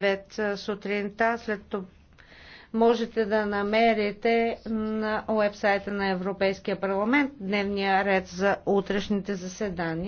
9 сутринта, след това можете да намерите на уебсайта на Европейския парламент дневния ред за утрешните заседания.